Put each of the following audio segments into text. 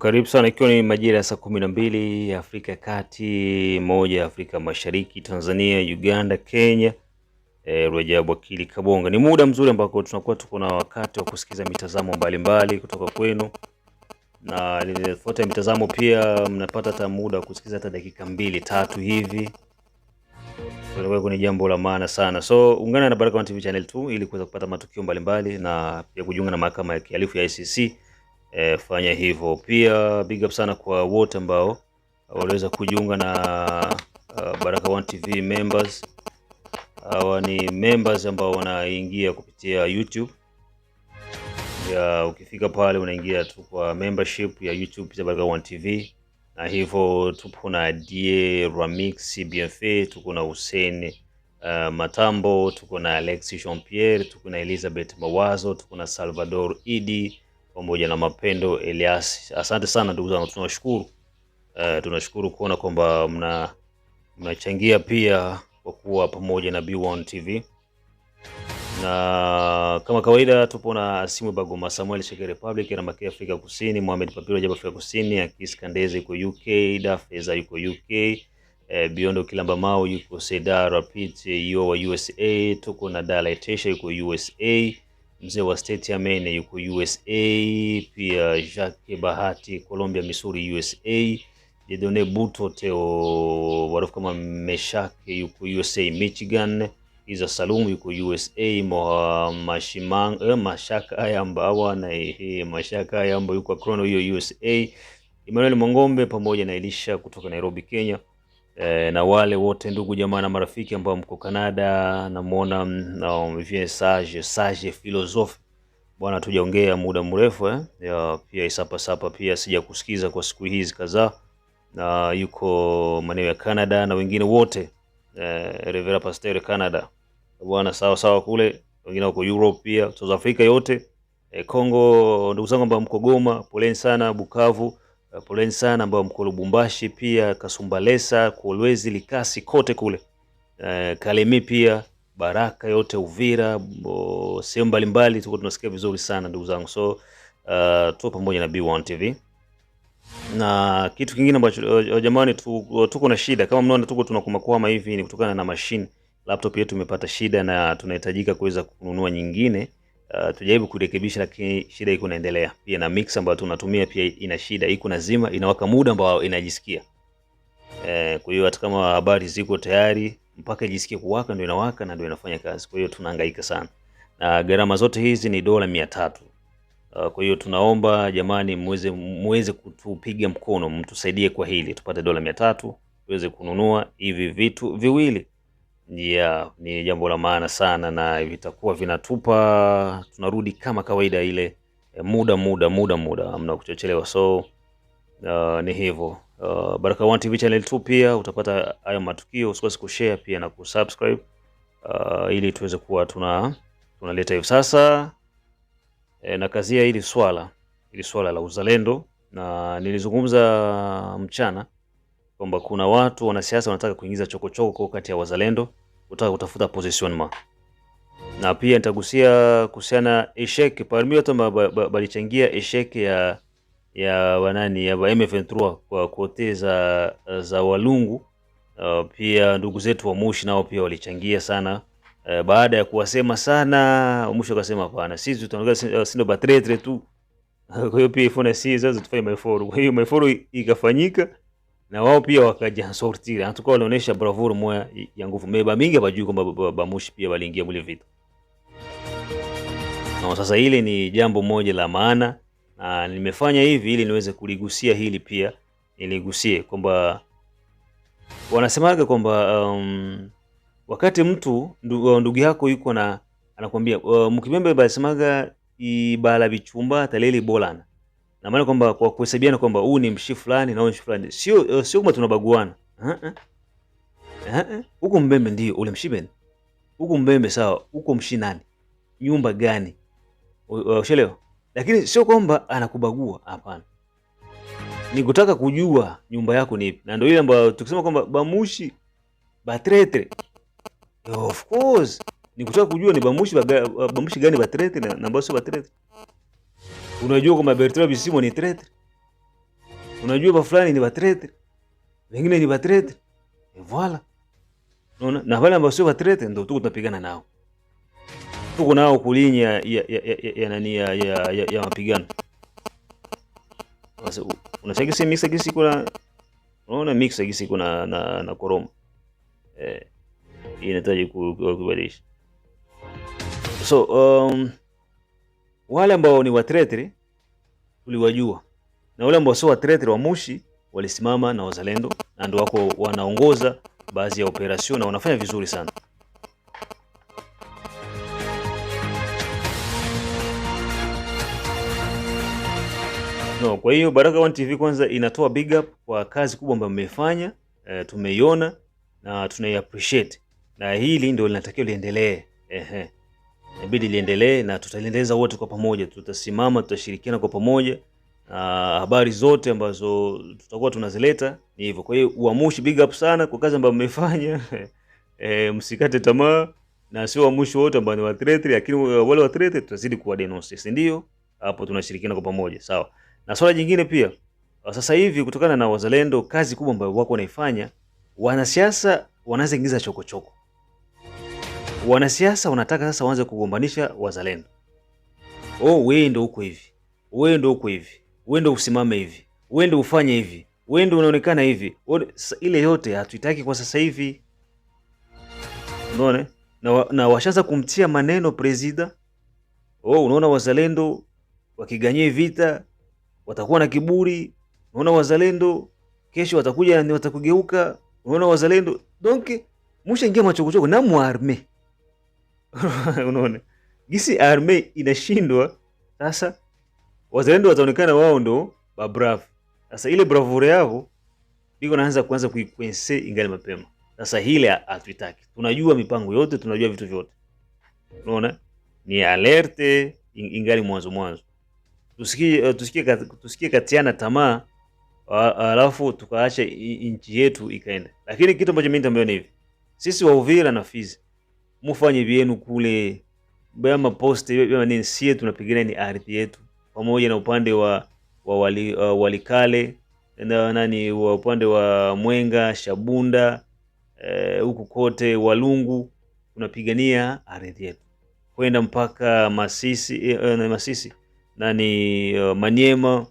Karibu sana ikiwa ni majira ya saa kumi na mbili ya Afrika ya Kati, moja ya Afrika Mashariki, Tanzania, Uganda, Kenya. E, eh, Rajabu Akili Kabonga. Ni muda mzuri ambako tunakuwa tuko na wakati wa kusikiza mitazamo mbalimbali kutoka kwenu, na nilifuata mitazamo pia, mnapata hata muda wa kusikiza hata dakika mbili tatu hivi ni jambo la maana sana. So ungana na Baraka1 TV channel 2 ili kuweza kupata matukio mbalimbali mbali, na pia kujiunga na mahakama ya kihalifu ya ICC e, fanya hivyo pia. Big up sana kwa wote ambao waliweza kujiunga na uh, eh, Baraka1 TV members. Hawa ni members ambao wanaingia kupitia YouTube ya, ukifika pale unaingia tu kwa membership ya YouTube ya Baraka1 TV na hivyo tupo na Die Ramix BFA, tuko na Hussein uh, Matambo, tuko na Alexis Jean Pierre, tuko na Elizabeth Mawazo, tuko na Salvador Idi pamoja na Mapendo Elias. Asante sana ndugu zangu, tunashukuru uh, tunashukuru kuona kwamba mna mnachangia pia kwa kuwa pamoja na B1 TV na kama kawaida tupo na Simwe Bagoma, Samuel Sheke Republic, Ramaki Afrika Kusini, Mohamed Papiro Jaba Afrika Kusini, Akis Kandeze yuko UK, Dafeza yuko UK, eh, Biondo Kilamba Mao yuko Sedar Rapid eh, yo wa USA, tuko na Dala yuko USA mzee wa State Maine yuko USA, pia Jacques Bahati Colombia, Missouri USA, Jedone Buto Teo warufu kama Meshake yuko USA, Michigan, Iza Salumu yuko USA, Mashimang, eh, Mashaka Ayamba na eh, Mashaka Ayamba yuko Krono hiyo USA, Emmanuel Mongombe pamoja na Elisha kutoka Nairobi, Kenya. E, na wale wote ndugu jamaa na marafiki ambao mko Canada, namuona um, Sage Sage Philosophe bwana, tujaongea muda mrefu eh? Ya, pia isapa sapa pia sijakusikiza kwa siku hizi kadhaa, na yuko maeneo ya Canada na wengine wote eh, Rivera Pasteur Canada bwana, sawa sawa kule, wengine wako Europe pia South Africa yote eh, Congo. ndugu zangu ambao mko Goma, poleni sana Bukavu Eh, poleni sana ambao mko Lubumbashi, pia Kasumbalesa, Kolwezi, Likasi, kote kule e, eh, Kalemi pia Baraka yote Uvira, sehemu mbalimbali tuko tunasikia vizuri sana ndugu zangu, so uh, eh, tu pamoja na B1 TV na kitu kingine ambacho jamani, tuko na shida kama mnaona, tuko tunakwamakwama hivi, ni kutokana na mashine laptop yetu imepata shida na tunahitajika kuweza kununua nyingine Eh, tujaribu kurekebisha lakini shida iko inaendelea. Pia na mix ambayo tunatumia pia ina shida, iko nazima inawaka muda ambao inajisikia. Eh, kwa hiyo hata kama habari ziko tayari mpaka ijisikie kuwaka ndio inawaka na ndio inafanya kazi. Kwa hiyo tunahangaika sana. Na gharama zote hizi ni dola 300. Uh, eh, kwa hiyo tunaomba jamani, muweze muweze kutupiga mkono, mtusaidie kwa hili tupate dola 300 tuweze kununua hivi vitu viwili yeah, ni jambo la maana sana na vitakuwa vinatupa, tunarudi kama kawaida ile e, muda muda muda muda, amna kuchochelewa. So uh, ni hivyo uh, Baraka1 TV channel 2 pia utapata hayo matukio, usikose kushare pia na kusubscribe uh, ili tuweze kuwa tuna tunaleta hivi sasa e, na kazia hili swala hili swala la uzalendo, na nilizungumza mchana kwamba kuna watu wanasiasa wanataka kuingiza chokochoko kati ya wazalendo utaka kutafuta positionnement. Na pia nitagusia kuhusiana eshek parmi balichangia eshek ya ya wanani ya M23 kwa kote za, za Walungu. Uh, pia ndugu zetu wa Mushi nao pia walichangia sana. Uh, baada ya kuwasema sana Mushi akasema hapana, sisi tunaongea sindo uh, batretre tu kwa hiyo pia ifuna sisi sasa tufanye maforo, Kwa hiyo maforo ikafanyika na wao pia wakajansortira antuka, walionyesha bravuru moya ya nguvu me bamingi abajui kwamba bamushi pia waliingia mule vita. Na sasa hili ni jambo moja la maana, na nimefanya hivi ili niweze kuligusia hili pia niligusie kwamba wanasemaga kwamba um, wakati mtu ndugu, uh, ndugu yako yuko na anakuambia uh, mkibembe basemaga ibala bichumba taleli bolana na maana kwamba kwa kuhesabiana kwamba huu ni mshi fulani na huyu mshi fulani, sio eh, sio kama tunabaguana. Huko eh, eh. Mbembe ndio ule mshi mshiben, huko Mbembe sawa, huko mshi nani, nyumba gani, ushelewa. Lakini sio kwamba anakubagua, hapana. Nikutaka kujua nyumba yako ni ipi, na ndio ile ambayo tukisema kwamba bamushi batretre, of course nikutaka kujua ni bamushi baga, bamushi gani batretre na ambayo sio batretre Unajua kwamba Bertrand Bisimwa ni traitor, unajua ba fulani ni ba batraitor, wengine ni ba batraitor voilà, Unaona, na wale ambao sio ba batraitor ndio tuko tunapigana nao, tuko nao kulinya ya ya ya, ya, nani ya, ya, ya, ya mapigano. Sasa unashangaa si mixa kisi kuna unaona mixa kisi kuna na na koroma eh, inahitaji kubadilisha so um, wale ambao ni watretri tuliwajua, na wale ambao sio watretri wa Mushi walisimama na wazalendo na ndio wako wanaongoza baadhi ya operasyon na wanafanya vizuri sana. No, kwa hiyo Baraka One TV kwanza inatoa big up kwa kazi kubwa ambayo mmefanya, e, tumeiona na tunai appreciate na hili ndio linatakiwa liendelee. Ehe inabidi liendelee na tutaliendeleza wote kwa pamoja, tutasimama, tutashirikiana kwa pamoja. na habari zote ambazo tutakuwa tunazileta ni hivyo. Kwa hiyo Uamushi, big up sana kwa kazi ambayo mmefanya e, msikate tamaa, na sio Uamushi wote ambao ni watretre, lakini eh, wale watretre tutazidi kuwa denounce, si ndio? Hapo tunashirikiana kwa pamoja, sawa. Na swala jingine pia, sasa hivi kutokana na wazalendo, kazi kubwa ambayo wako wanaifanya, wanasiasa wanaanza ingiza chokochoko Wanasiasa wanataka sasa waanze kugombanisha wazalendo. Oh, wewe ndio uko hivi, wewe ndio uko hivi, wewe ndio usimame hivi, wewe ndio ufanye hivi, wewe ndio unaonekana hivi. Ile yote hatuitaki kwa sasa hivi, unaona na, na washaanza kumtia maneno presida. Oh, unaona wazalendo wakiganyia vita watakuwa na kiburi. Unaona wazalendo kesho watakuja watakugeuka. Unaona wazalendo donc mushaingia machokochoko na muarme Unaona gisi arme inashindwa sasa, wazalendo wataonekana wao ndo babravu. Sasa ile bravura yao iko naanza kuanza kuikwense ingali mapema. Sasa hile hatuitaki, tunajua mipango yote, tunajua vitu vyote, unaona ni alerte ingali mwanzo mwanzo, tusikie eh, tusikie tusikie katiana tamaa, alafu tukaacha nchi yetu ikaenda. Lakini kitu ambacho mimi nitamwambia ni hivi, sisi wa Uvira na Fizi mufanye vyenu kule baya maposte baya manini, sie tunapigania ni ardhi yetu, pamoja na upande wa, wa wali, uh, Walikale na nani wa upande wa Mwenga Shabunda eh, huku uh, kote Walungu tunapigania ardhi yetu kwenda mpaka Masisi, uh, na Masisi nani uh, Manyema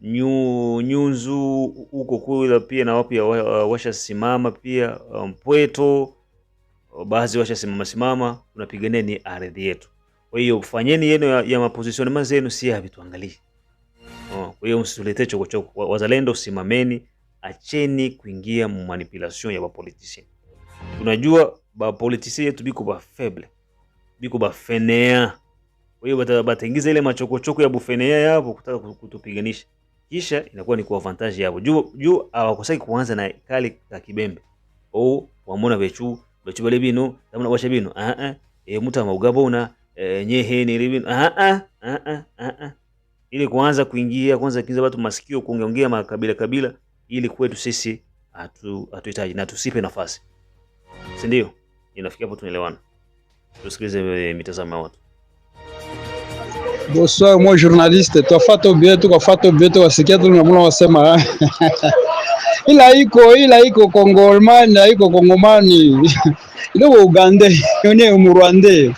nyu, Nyunzu huko kula pia na wapi washasimama pia Mpweto um, baadhi washasimama simama, unapigania ni ardhi yetu. Kwa hiyo fanyeni yenu ya, ya maposition mazi yenu si ya vitu Oh, kwa hiyo msituletee chokochoko. Wazalendo simameni, acheni kuingia manipulation ya bapolitisien. Tunajua bapolitisien yetu biko ba feble. Biko ba fenea. Kwa hiyo bataingiza ile machokochoko ya bufenea yao kutaka kutupiganisha. Kisha inakuwa ni kwa avantage yao. Juu juu hawakosaki kuanza na kali ka kibembe. Au oh, wamona vechu bachubale bino namuna washa bino a ah, a ah. e eh, muta maugabona e, eh, ni ile bino a ah, a a a ili kuanza kuingia kwanza kinza watu masikio kuongeongea makabila kabila, ili kwetu sisi hatuhitaji na tusipe nafasi, si ndio? Inafikia hapo tunaelewana. Tusikilize eh, mitazamo ya watu. Bonsoir, moi journaliste, tu as fait ubietu, wasikia tu namuna wasema ila iko ila iko Kongomani iko Kongomani iloko Ugande yone Murwande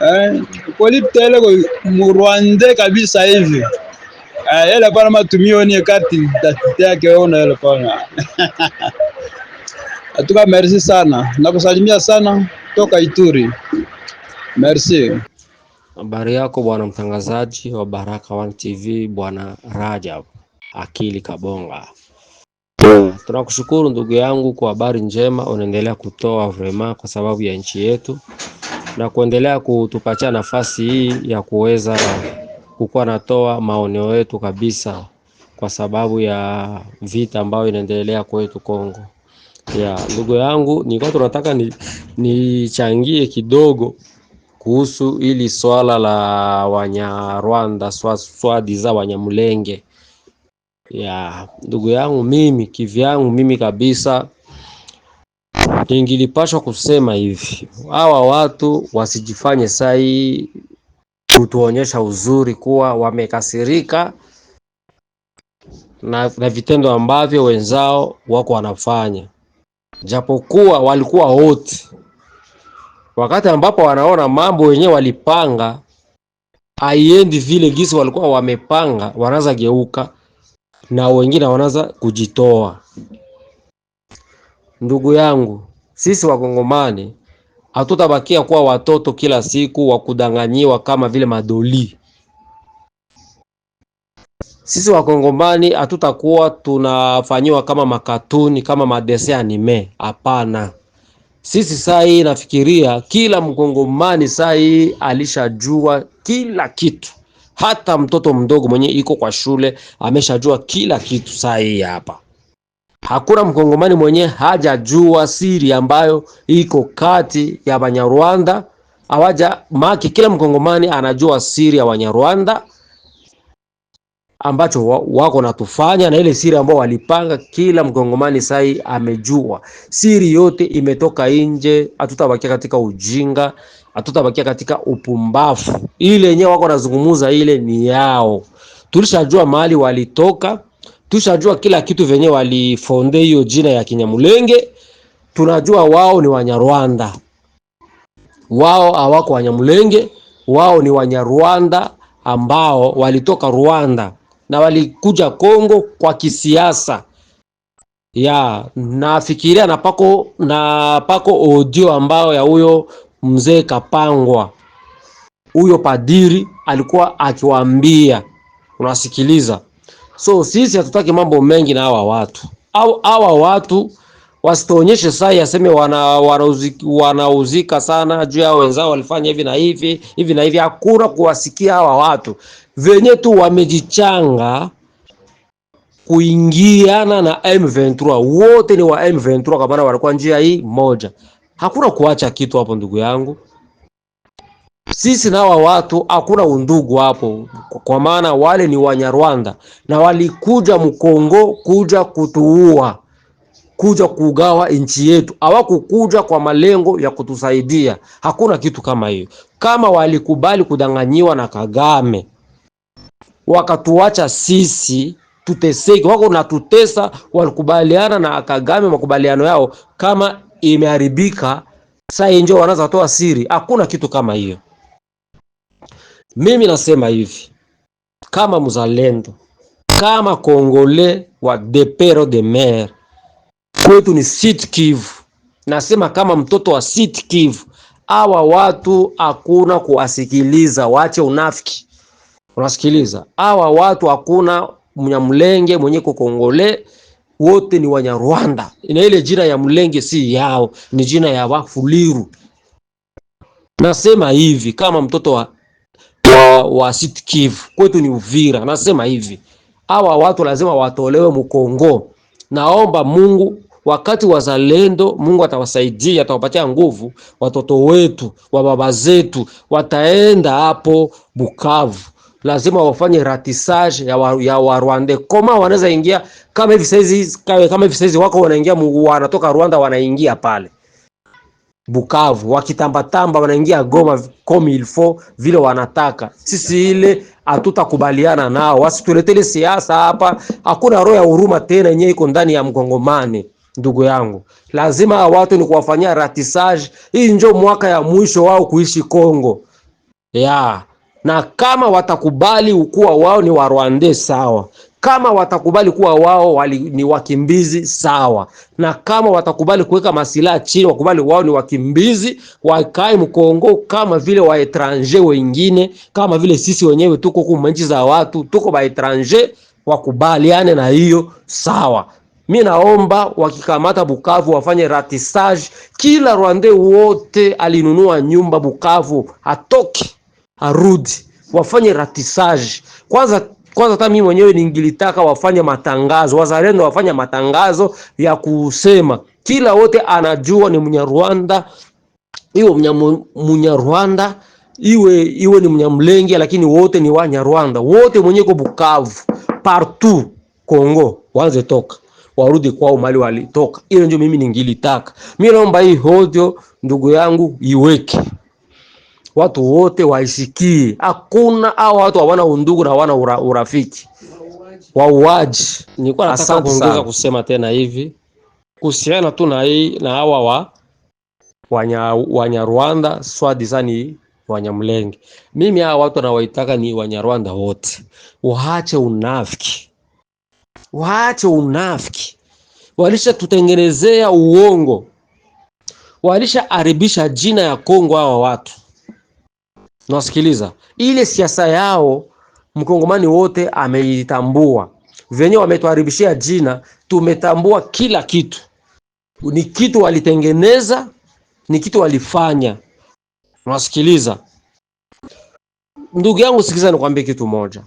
eh, kweliteleko Murwande kabisa hivi eh, ile pana matumio ni kati tatite yake ona ile pana atuka. Merci sana, nakusalimia sana toka Ituri. Merci. Habari yako bwana mtangazaji wa Baraka One TV, bwana Rajab Akili Kabonga. Tunakushukuru ndugu yangu kwa habari njema unaendelea kutoa vrema kwa sababu ya nchi yetu na kuendelea kutupatia nafasi hii ya kuweza kukuwa natoa maoneo yetu kabisa kwa sababu ya vita ambayo inaendelea kwetu Kongo. Ya, ndugu yangu nilikuwa tunataka nichangie ni kidogo kuhusu ili swala la Wanyarwanda swadi za Wanyamulenge ya ndugu yangu, mimi kivyangu, mimi kabisa ningilipashwa kusema hivi, hawa watu wasijifanye sai kutuonyesha uzuri kuwa wamekasirika na, na vitendo ambavyo wenzao wako wanafanya, japokuwa walikuwa wote wakati ambapo wanaona mambo wenyewe walipanga haiendi vile gisi walikuwa wamepanga, wanaanza geuka na wengine wanaanza kujitoa. Ndugu yangu, sisi Wakongomani hatutabakia kuwa watoto kila siku wa kudanganyiwa kama vile madoli. Sisi Wakongomani hatutakuwa tunafanyiwa kama makatuni kama madese anime. Hapana, sisi saa hii nafikiria kila Mkongomani saa hii alishajua kila kitu hata mtoto mdogo mwenye iko kwa shule ameshajua kila kitu. Saa hii hapa hakuna mkongomani mwenye hajajua siri ambayo iko kati ya Banyarwanda awaja maki. Kila mkongomani anajua siri ya Wanyarwanda ambacho wako natufanya na ile siri ambao walipanga. Kila mkongomani sai amejua siri yote, imetoka nje. Hatutabakia katika ujinga hatutabakia katika upumbavu. Ile yenyewe wako nazungumuza ile ni yao, tulishajua mahali walitoka, tulishajua kila kitu venye walifonde hiyo jina ya Kinyamulenge. Tunajua wao ni Wanyarwanda, wao hawako Wanyamulenge, wao ni Wanyarwanda ambao walitoka Rwanda na walikuja Kongo kwa kisiasa ya nafikiria na pako na pako audio ambao ya huyo mzee Kapangwa, huyo padiri alikuwa akiwaambia, unasikiliza. So sisi hatutaki mambo mengi na hawa watu au hawa watu wasitoonyeshe sai aseme wanauzika wana wana sana juu ya wenzao walifanya hivi na hivi hivi na hivi. Hakuna kuwasikia hawa watu venye tu wamejichanga kuingiana na M23, wote ni wa M23, kwa maana walikuwa njia hii moja. Hakuna kuacha kitu hapo, ndugu yangu. Sisi na wa watu hakuna undugu hapo, kwa maana wale ni Wanyarwanda na walikuja Mkongo kuja kutuua, kuja kugawa nchi yetu. Hawakukuja kwa malengo ya kutusaidia, hakuna kitu kama hiyo. Kama walikubali kudanganyiwa na Kagame wakatuacha sisi tuteseke, wako natutesa, walikubaliana na Kagame makubaliano yao kama imeharibika, hii ndio wanaanza kutoa siri. Hakuna kitu kama hiyo. Mimi nasema hivi kama mzalendo, kama kongole wa depero de mer, kwetu ni Sud Kivu. Nasema kama mtoto wa Sud Kivu, hawa watu hakuna kuwasikiliza, waache unafiki. Unasikiliza hawa watu, hakuna mnyamlenge mwenye kukongole wote ni Wanyarwanda, na ile jina ya Mlenge si yao, ni jina ya Wafuliru. Nasema hivi kama mtoto wa, wa, wa Sitkivu, kwetu ni Uvira. Nasema hivi hawa watu lazima watolewe Mkongo. Naomba Mungu wakati wazalendo, Mungu atawasaidia, atawapatia nguvu. Watoto wetu wa baba zetu wataenda hapo Bukavu lazima wafanye ratisage ya, wa, ya wa Rwanda koma wanaweza ingia kama hivi saizi, kama hivi saizi wako wanaingia wanatoka Rwanda wanaingia pale Bukavu wakitambatamba wanaingia Goma comme il faut vile wanataka. Sisi ile hatutakubaliana nao, wasituletele siasa hapa. Hakuna roho ya huruma tena yenyewe iko ndani ya mgongomani. Ndugu yangu, lazima watu ni kuwafanyia ratisage. Hii njo mwaka ya mwisho wao kuishi Kongo ya yeah na kama watakubali kuwa wao ni Warwande sawa, kama watakubali kuwa wao wali, ni wakimbizi sawa, na kama watakubali kuweka masilaha chini, wakubali wao ni wakimbizi, wakae mkongo kama vile waetranger wengine, kama vile sisi wenyewe tuko kwa nchi za watu, tuko baetranger, wakubaliane na hiyo sawa. Mi naomba wakikamata Bukavu wafanye ratissage, kila Rwande wote alinunua nyumba Bukavu atoke arudi wafanye ratisage kwanza kwanza. Hata mimi mwenyewe ningilitaka wafanye matangazo, wazalendo wafanye matangazo ya kusema kila wote anajua ni Mnyarwanda, iwe Mnyarwanda iwe iwe ni Mnyamlenge, lakini wote ni Wanyarwanda, wote mwenye ko Bukavu partout Kongo wanze toka warudi kwao mali walitoka. Ile ndio mimi ningilitaka. Mimi naomba hii hodio ndugu yangu iweke watu wote waisikie, hakuna hao watu hawana undugu na hawana ura, urafiki wauaji. Nilikuwa nataka kuongeza kusema tena hivi kuhusiana tu na hii na hawa wa wanya Wanyarwanda swadizani Wanyamlenge, mimi hawa watu nawaitaka ni Wanyarwanda wote waache unafiki, waache unafiki. Walisha tutengenezea uongo, walisha aribisha jina ya Kongo hawa watu. Nasikiliza ile siasa yao, mkongomani wote ameitambua venye wametuharibishia jina. Tumetambua kila kitu, ni kitu walitengeneza, ni kitu walifanya. Nasikiliza ndugu yangu, sikiliza nikwambie kitu moja,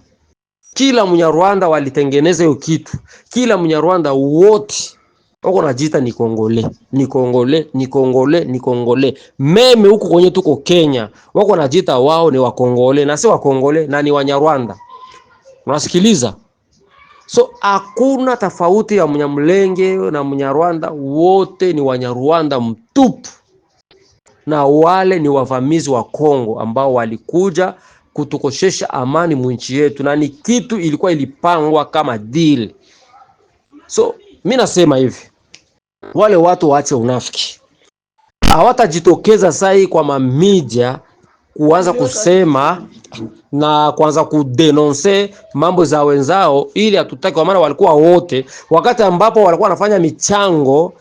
kila Mnyarwanda walitengeneza hiyo kitu, kila Mnyarwanda wote Uko najita ni Kongole, ni Kongole, ni Kongole, ni Kongole. Meme huko kwenye tuko Kenya, wako najita wao ni Wakongole na si Wakongole na ni Wanyarwanda. Unasikiliza? So hakuna tofauti ya Mnyamlenge na Mnyarwanda, wote ni Wanyarwanda mtupu, na wale ni wavamizi wa Kongo ambao walikuja kutukoshesha amani mwinchi yetu, na ni kitu ilikuwa ilipangwa kama deal. So mi nasema hivi, wale watu waache unafiki, hawatajitokeza sai kwa mamidia kuanza kusema na kuanza kudenonse mambo za wenzao, ili hatutaki kwa maana walikuwa wote, wakati ambapo walikuwa wanafanya michango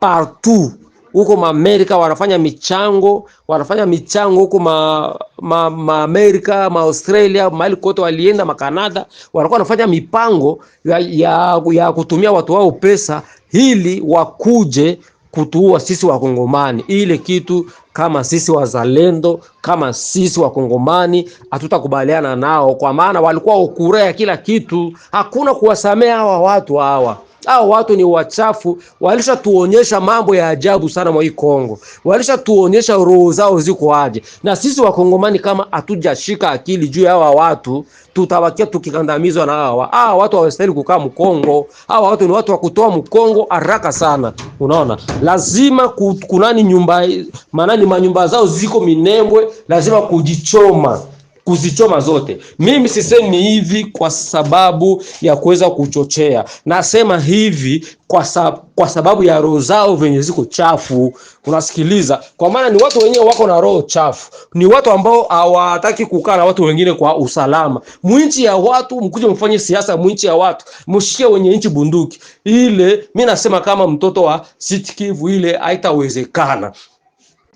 partout huko Maamerika wanafanya michango, wanafanya michango huko ma, ma, Maamerika, Australia, mahali kote walienda, Makanada, wanakuwa wanafanya mipango ya, ya, ya kutumia watu wao pesa ili wakuje kutuua sisi Wakongomani. Ile kitu kama sisi wazalendo, kama sisi Wakongomani hatutakubaliana nao, kwa maana walikuwa ukurea kila kitu, hakuna kuwasamea hawa watu hawa. Hao watu ni wachafu, walishatuonyesha mambo ya ajabu sana mwa hii Kongo, walishatuonyesha roho zao ziko aje. Na sisi wakongomani kama hatujashika akili juu ya hawa watu, tutabakia tukikandamizwa na hawa. Hawa watu hawastahili kukaa Mkongo. Hawa watu ni watu wa kutoa Mkongo haraka sana. Unaona, lazima kunani nyumba manani manyumba zao ziko Minembwe, lazima kujichoma kuzichoma zote. Mimi sisemi hivi kwa sababu ya kuweza kuchochea, nasema hivi kwa, sab kwa sababu ya roho zao venye ziko chafu. Unasikiliza? Kwa maana ni watu wenyewe wako na roho chafu, ni watu ambao hawataki kukaa na watu wengine kwa usalama. Mwinchi ya watu mkuje mfanye siasa, mwinchi ya watu mshike wenye nchi bunduki ile. mi nasema kama mtoto wa Sitkivu ile haitawezekana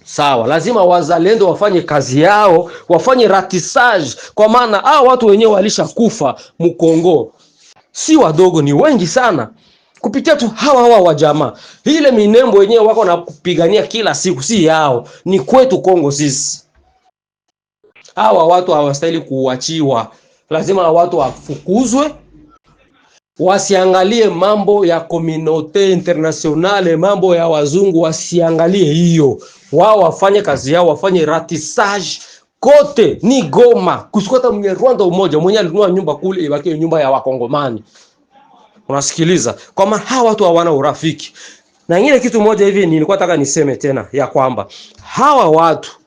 sawa, lazima wazalendo wafanye kazi yao, wafanye ratisage, kwa maana hao watu wenyewe walishakufa Mkongo, si wadogo, ni wengi sana kupitia tu hawa hawa wa jamaa. Ile minembo wenyewe wako na kupigania kila siku si yao, ni kwetu Kongo sisi. Hawa watu hawastahili kuachiwa, lazima watu wafukuzwe, wasiangalie mambo ya komunote internationale, mambo ya wazungu, wasiangalie hiyo wao wafanye kazi yao, wafanye ratisage kote ni Goma, kusikota mwenye Rwanda umoja mwenye alinua nyumba kule ibaki nyumba ya Wakongomani. Unasikiliza, kwa maana hawa watu hawana urafiki. Na ingine kitu moja hivi nilikuwa nataka niseme tena ya kwamba hawa watu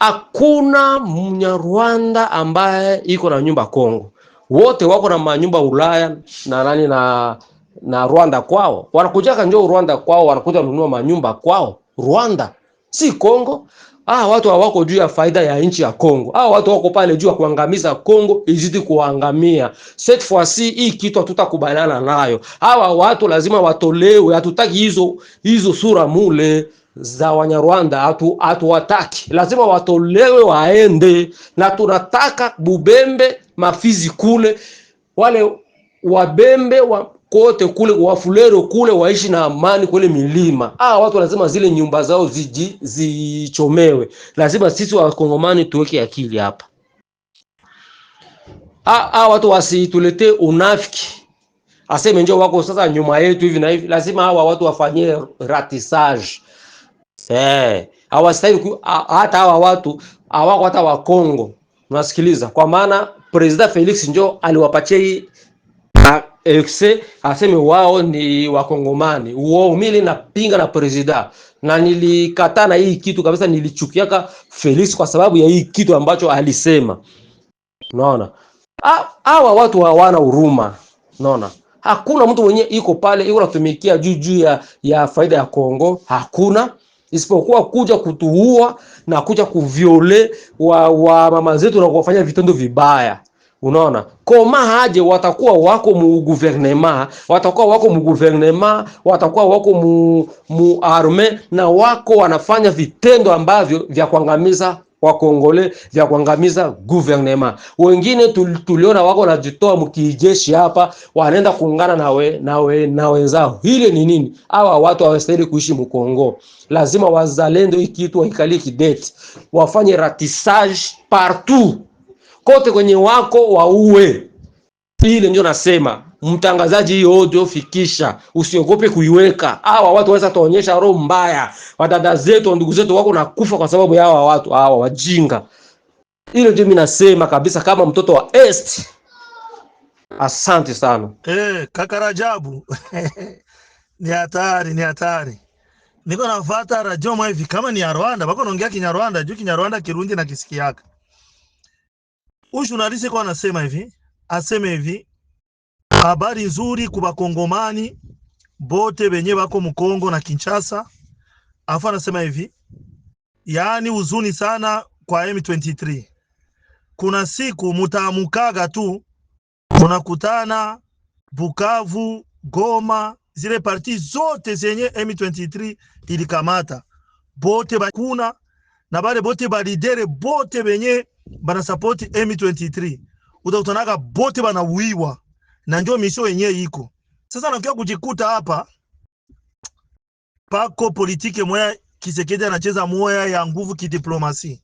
hakuna Mnyarwanda ambaye iko na nyumba Kongo, wote wako na manyumba Ulaya na nani na na Rwanda kwao, wanakuja kanjo Rwanda kwao, wanakuja kununua manyumba kwao Rwanda si Kongo. Ah, watu hawako juu ya faida ya nchi ya Kongo. Ah, watu wako pale juu ya kuangamiza Kongo izidi kuangamia. Cette fois ci hii kitu hatutakubaliana nayo. Hawa watu lazima watolewe. Hatutaki hizo hizo sura mule za Wanyarwanda hatu hatuwataki. Lazima watolewe waende, na tunataka Bubembe, Mafizi kule wale wabembe wa kote kule kwa Fulero kule waishi na amani kule milima. Ah, watu wanasema zile nyumba zao ziji, zichomewe. Lazima sisi wa Kongomani tuweke akili hapa. Ah, ah, watu wasitulete unafiki. Aseme njoo wako sasa nyuma yetu hivi na hivi. Lazima hawa watu wafanyie ratissage. Eh, hawastahili hata hawa watu hawako hata wa Kongo. Unasikiliza? Kwa maana President Felix njoo aliwapatia hii exe aseme wao ni Wakongomani. Wao na napinga na presida na nilikataa na hii kitu kabisa, nilichukiaka Felix kwa sababu ya hii kitu ambacho alisema. Naona hawa watu hawana huruma. naona hakuna mtu mwenye iko pale iko natumikia juu juu ya, ya faida ya Kongo, hakuna isipokuwa kuja kutuua na kuja kuviole wa, wa mama zetu na kuwafanya vitendo vibaya. Unaona, koma haje watakuwa wako mu gouvernement, watakuwa wako mu gouvernement, watakuwa wako mu, mu arme na wako wanafanya vitendo ambavyo vya kuangamiza wakongole vya kuangamiza gouvernement. Wengine tuliona wako najitoa mkijeshi hapa, wanaenda kuungana na we, na wenzao. Hili ni nini? Hawa watu hawastahili kuishi mkongo. Lazima wazalendo hii kitu waikalie kidete, wafanye ratissage partout kote kwenye wako wauwe. Ile ndio nasema mtangazaji, hiyo audio fikisha, usiogope kuiweka. Hawa watu waweza tuonyesha roho mbaya, wadada zetu, ndugu zetu wako nakufa kwa sababu ya hawa watu hawa wajinga. Ile ndio mimi nasema kabisa, kama mtoto wa Est. Asante sana eh, kaka Rajabu ni hatari, ni hatari. Niko nafuata Rajomo hivi kama ni ya Rwanda bako naongea Kinyarwanda juu Kinyarwanda Kirundi na kisikiaka huyu journalist kwa anasema hivi, aseme hivi, habari nzuri kubakongomani bote benye bako mkongo na Kinshasa. Afu anasema hivi, yaani huzuni sana kwa M23, kuna siku mutaamukaga tu munakutana Bukavu, Goma, zile parti zote zenye M23 ilikamata bote bakuna na bale bote balidere bote benye banasapoti M23 utakutanaka bote banawiwa na njo misho yenye iko sasa. Nakia kujikuta hapa pako politike moya, Kisekedi anacheza moya ya nguvu kidiplomasi,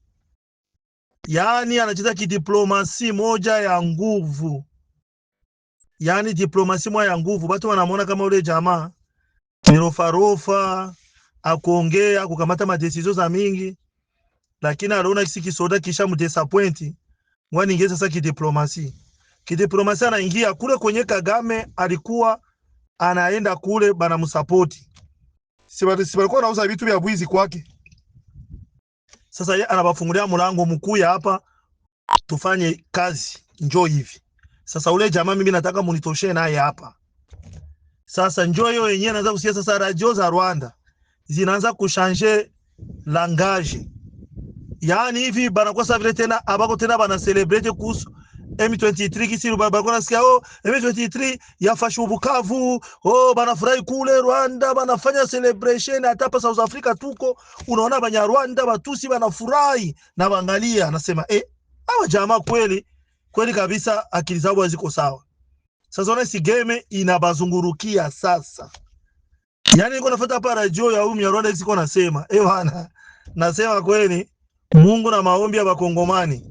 yani anacheza kidiplomasi moja ya nguvu, yani diplomasi moja ya nguvu. Batu wanamwona kama ule jamaa nirofarofa, akuongea kukamata madesizo za mingi lakini anaona kisi kisoda kisha mdisappoint mwani ingia sasa kidiplomasi kidiplomasi anaingia kule kwenye Kagame alikuwa anaenda kule bana msapoti si balikuwa nauza vitu vya bwizi kwake sasa yeye anabafungulia mlango mkuu ya hapa tufanye kazi njo hivi sasa ule jamaa mimi nataka munitoshe naye hapa sasa njo hiyo yenyewe anaanza kusikia sasa radio za Rwanda zinaanza kushanje langaje yani hivi banakosa vile tena abako tena bana celebrate kuhusu M23 kisi bariko nasikia oh, M23 yafasha Bukavu, oh, banafurahi kule Rwanda, banafanya celebration hata pa South Africa tuko, unaona banya Rwanda batusi banafurahi na bangalia, anasema eh, hawa jamaa kweli kweli kabisa akili zao haziko sawa. Sasa ona si game inabazungurukia sasa. Yaani niko nafuata hapa radio ya Umya Rwanda siko nasema, eh bana. Nasema kweli Mungu na maombi ya Wakongomani,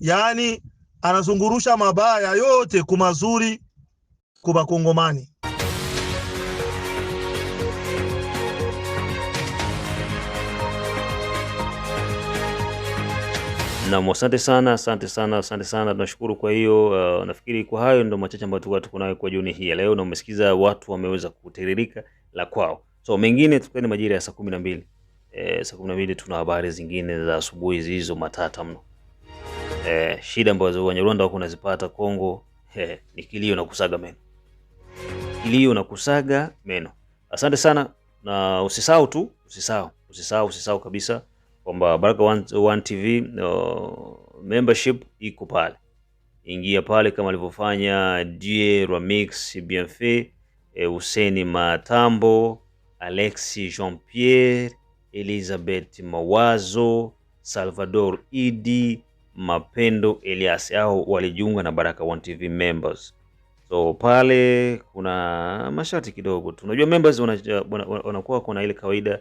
yaani anazungurusha mabaya yote kumazuri kwa Wakongomani. asante sana, asante sana, asante sana, tunashukuru. Kwa hiyo uh, nafikiri kwa hayo ndo machache ambayo tulikuwa tuko nayo kwa jioni hii ya leo, na umesikiza watu wameweza kutiririka la kwao. So mengine tukeni majira ya saa kumi na mbili e, eh, saa kumi na mbili tuna habari zingine za asubuhi zilizo matata mno. E, shida ambazo Wanyarwanda wako nazipata Kongo he, eh, ni kilio na kusaga meno, kilio na kusaga meno. Asante sana na usisahau tu, usisahau usisahau usisahau kabisa kwamba Baraka One, One TV no, membership iko pale, ingia pale kama alivyofanya Die Ramix Bienfait, e, Useni Matambo, Alexi Jean Pierre Elizabeth Mawazo, Salvador Idi, Mapendo Elias, au walijiunga na Baraka One TV members. So pale kuna masharti kidogo tu. Unajua members wanakuwa kuna ile kawaida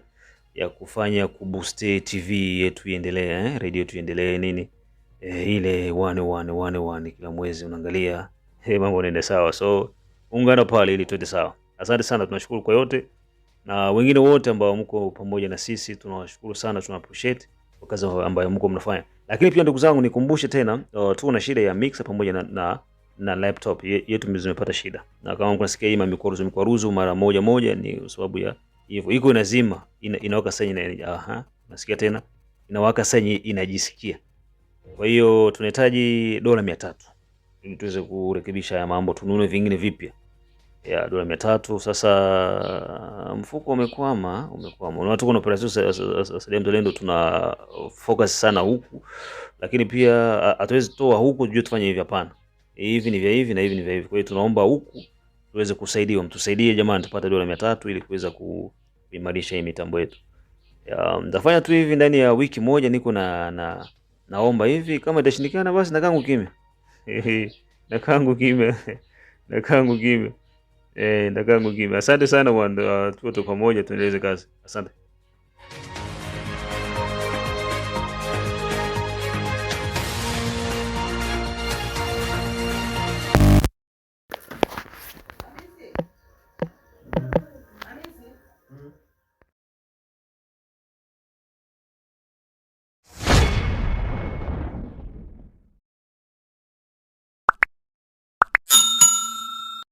ya kufanya kuboost TV yetu iendelee, eh? Radio iendelee nini, E, ile wane kila mwezi unaangalia, hey, eh, mambo yanaenda sawa. So ungana pale ili tuende sawa. Asante sana, tunashukuru kwa yote na wengine wote ambao mko pamoja na sisi, tunawashukuru sana, tuna appreciate kwa kazi ambayo mko mnafanya. Lakini pia ndugu zangu, nikumbushe tena uh, tuko na shida ya mixer pamoja na, na, na laptop yetu zimepata shida, na kama mko mnasikia hii mamikwaruzo mikwaruzo mara moja moja, ni sababu ya hivyo, iko inazima ina, inawaka senyi na ina, aha, nasikia tena inawaka senyi inajisikia. Kwa hiyo tunahitaji dola 300 ili tuweze kurekebisha haya mambo, tununue vingine vipya ya dola mia tatu. Sasa mfuko umekwama, umekwama. Unaona tuko na operesheni Saidia Mzalendo, tuna focus sana huku, lakini pia hatuwezi toa huku juu tufanye hivi, hapana. Hivi ni vya hivi na hivi ni vya hivi. Kwa hiyo tunaomba huku tuweze kusaidiwa, mtusaidie jamani, tupate dola mia tatu ili kuweza kuimarisha hii mitambo yetu. Nitafanya tu hivi ndani ya wiki moja, niko na, na naomba hivi, kama itashindikana basi nakangu kimya nakangu kimya nakangu kimya Eh, ndakangu kimya. Asante sana uh, tuko pamoja tuendeleze kazi. Asante.